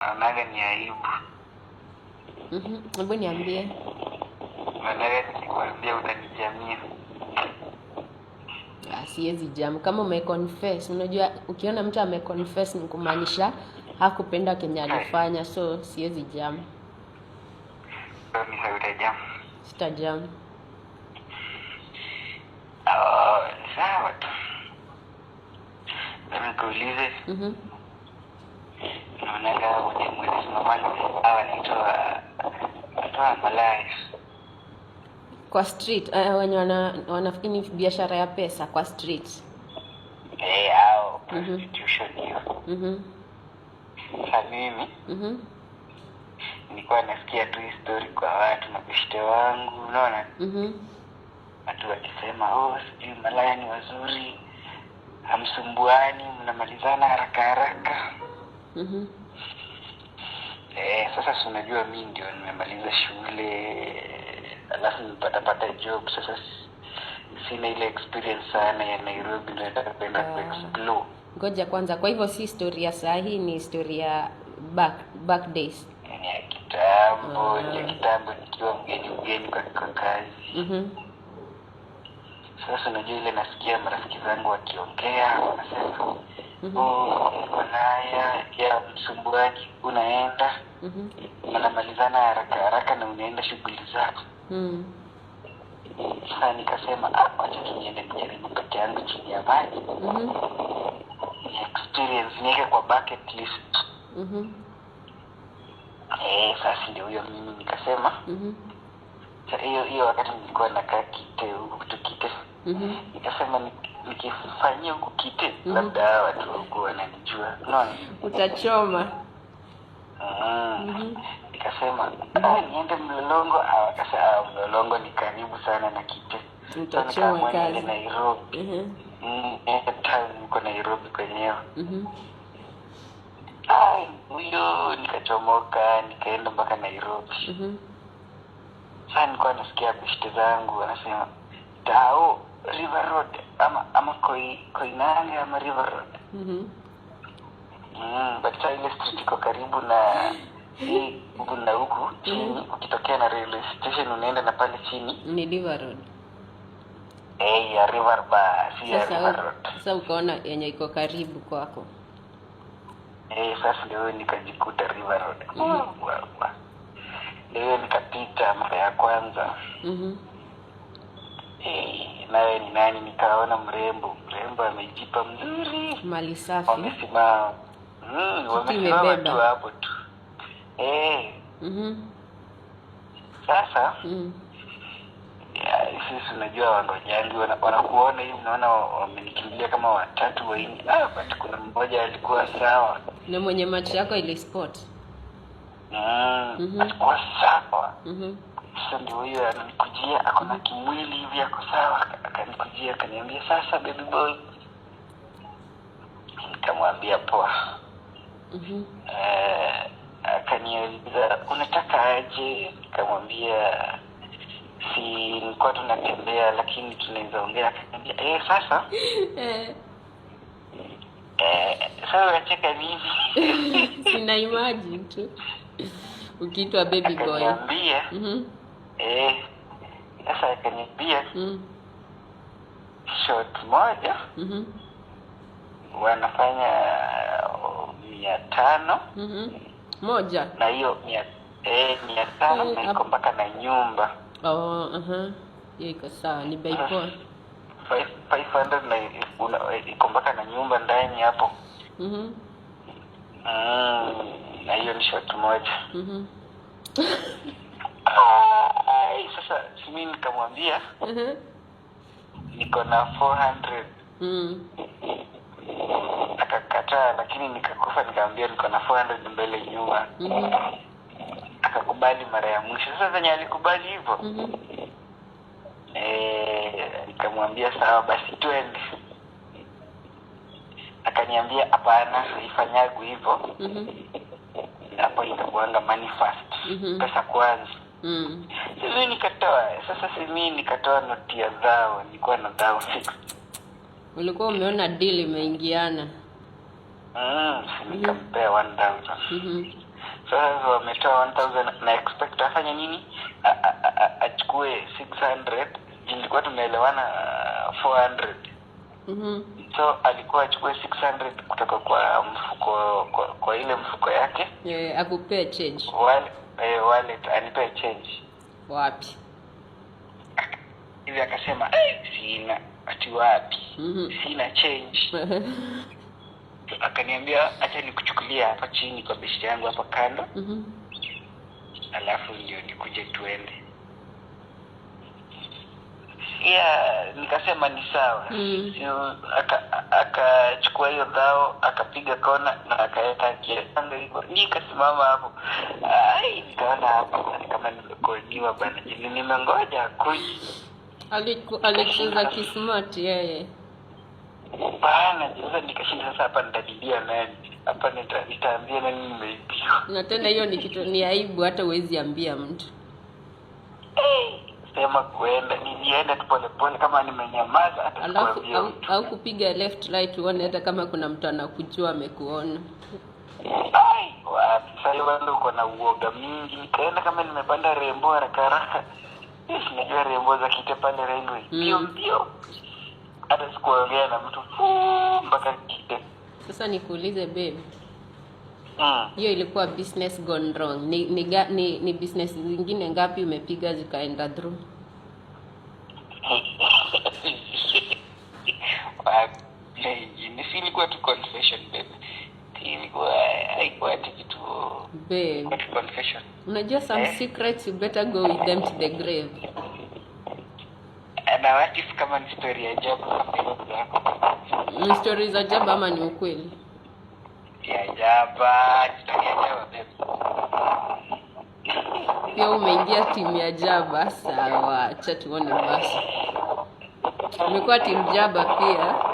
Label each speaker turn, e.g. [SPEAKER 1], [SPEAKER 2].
[SPEAKER 1] Naonaga ni aibu.
[SPEAKER 2] Mhm, hebu niambie.
[SPEAKER 1] Naonaga nikikwambia utanijamia.
[SPEAKER 2] Ah, siwezi jam kama umeconfess. Unajua, ukiona mtu ameconfess ni kumaanisha hakupenda kenye alifanya, so siwezi jam. Sita jam.
[SPEAKER 1] Sawa tu. Nikuulize. Mhm naonaga kwenye mwili toa
[SPEAKER 2] kwa street uh, wenye wana, biashara ya pesa kwa street
[SPEAKER 1] nikuwa eh, hao prostitution mhm. hiyo mhm. mimi mhm. nilikuwa nasikia tu story kwa watu mabeshte wangu unaona watu wakisema oh sijui malaya ni wazuri hamsumbuani mnamalizana haraka haraka mm-hmm. e, sasa si unajua mi ndio nimemaliza shule alafu nipatapata job sasa sina ile experience sana ya nairobi nataka uh, kuexplore ah.
[SPEAKER 2] ngoja kwanza kwa hivyo si historia saa hii ni historia back back days
[SPEAKER 1] eh, ya kitambo ah. ya kitambo nikiwa mgeni mgeni kwa, kazi mm-hmm. sasa unajua ile nasikia marafiki zangu wakiongea wanasema mm-hmm. ya msumbuaji unaenda mm-hmm. haraka haraka na unaenda shughuli zako mm. Sasa nikasema ah, wacha tuniende nijaribu peke yangu chini ya maji mm experience niweke kwa bucket list mm-hmm. eh, sasa ndio huyo mimi nikasema mm-hmm. hiyo hiyo wakati nilikuwa nakaa kite huku tukite hmm nikasema nikifanyia huku kite mm-hmm. labda watu wangu wananijua unaona
[SPEAKER 2] utachoma
[SPEAKER 1] mm. mhm. Nikasema mhm. Ah, niende Mlolongo, ah, akasema ah, Mlolongo ni karibu sana na Kite, nikaamua Nairobi. mm-hmm. Mm, huko eh, Nairobi kwenyewe. Mhm. Huyo nikachomoka, nikaenda mpaka Nairobi. mm-hmm. Sasa nilikuwa nasikia beshte zangu wanasema tao river road ama ama koi koinange ama river road mm-hmm. mm, but ile street iko karibu na hii huku na huku chini mm-hmm. ukitokea na railway station unaenda na pale chini
[SPEAKER 2] ni river road
[SPEAKER 1] Hey, eh, ya river bar, si ya river road.
[SPEAKER 2] Sasa ukaona yenye iko karibu kwako.
[SPEAKER 1] Eh, sasa ndio nikajikuta river road. Mm -hmm. Ndio nikapita mara ya kwanza. Mhm. Mm eh, naye ni nani? Nikaona mrembo mrembo amejipa mzuri,
[SPEAKER 2] mali safi,
[SPEAKER 1] wamesimama mm, wamesimama tu hapo tu eh. mm-hmm. Sasa mm. Sisi unajua wangojangi wanakuona hivi, unaona wamenikimbilia kama watatu waini. Ah, but kuna mmoja alikuwa sawa,
[SPEAKER 2] na mwenye macho yako ile mm,
[SPEAKER 1] mm -hmm. alikuwa sawa mm -hmm sasa ndio huyo amenikujia ako na kimwili hivi ako sawa akanikujia akaniambia sasa baby boy nikamwambia poa mm-hmm. akaniuliza unataka aje nikamwambia si nilikuwa tunatembea lakini tunaweza ongea akaniambia eh, sasa eh. Eh, sasa unacheka nini
[SPEAKER 2] sina imagine tu ukiitwa baby boy
[SPEAKER 1] akaniambia mm-hmm eh, sasa ikaniambia mm. shot moja mm -hmm. wanafanya uh, mia tano
[SPEAKER 2] mm -hmm. moja
[SPEAKER 1] na hiyo mia eh, mia tano hmm, na iko mpaka na nyumba
[SPEAKER 2] oh, uh-huh. hiyo iko sawa ni bei poa
[SPEAKER 1] 500 na iko mpaka na nyumba ndani hapo mm -hmm. mm, na hiyo ni shot moja mm -hmm. hey, sasa simi nikamwambia uh-huh. niko na 400 mm. akakataa lakini nikakufa nikaambia niko na 400 mbele nyuma mm akakubali mara ya mwisho sasa venye alikubali hivo mm-hmm. e, nikamwambia sawa basi twende akaniambia hapana ifanyagu hivo mm-hmm. hapo itakuanga mm-hmm. pesa kwanza mm. nikatoa sasa, simi nikatoa noti ya dhao, nilikuwa na dhao
[SPEAKER 2] Ulikuwa umeona dili imeingiana mm,
[SPEAKER 1] mm -hmm. mm -hmm. so, wametoa na expect afanye nini? Achukue 600 tumeelewana 400
[SPEAKER 2] Mm -hmm.
[SPEAKER 1] So alikuwa achukue 600 kutoka kwa mfuko kwa, kwa ile mfuko yake.
[SPEAKER 2] yeah, change
[SPEAKER 1] eh, wallet anipe change wapi hivi akasema eh, sina ati wapi mm-hmm. sina change akaniambia acha nikuchukulia hapa chini kwa bishi yangu hapa kando mm-hmm. alafu ndio nikuje tuende ya nikasema ni sawa mm. akachukua hiyo dhao akapiga kona na akaeta akianga hivyo mi ikasimama hapo nikaona hapa kama nimekoliwa bana jini nimengoja akuji
[SPEAKER 2] alikuza kismart yeye
[SPEAKER 1] bana sasa nikashinda sasa hapa nitadidia nani hapa nitaambia nani nimeibiwa
[SPEAKER 2] na tena hiyo ni kitu ni aibu hata uwezi ambia mtu
[SPEAKER 1] vyema kuenda niende tu polepole, kama nimenyamaza alafu au,
[SPEAKER 2] au kupiga left right, uone hata kama kuna mtu anakujua amekuona.
[SPEAKER 1] Ai, wapi sasa, bado uko na uoga mingi. Nikaenda kama nimepanda rembo haraka haraka, najua rembo za kite pale railway ndio mm. ndio, hata sikuongea na mtu mpaka kite.
[SPEAKER 2] Sasa nikuulize babe mm. hiyo mm. ilikuwa business gone wrong. Ni ni, ni, ni business zingine ngapi umepiga zikaenda through?
[SPEAKER 1] sikaleti
[SPEAKER 2] Unajua some eh, secrets you better go with them to the grave.
[SPEAKER 1] Eh, na kama ni story ya job
[SPEAKER 2] kama ni story za job ama ni ukweli
[SPEAKER 1] ya story ya
[SPEAKER 2] Pia umeingia timu ya jaba, sawa, acha tuone basi. Umekuwa timu jaba pia.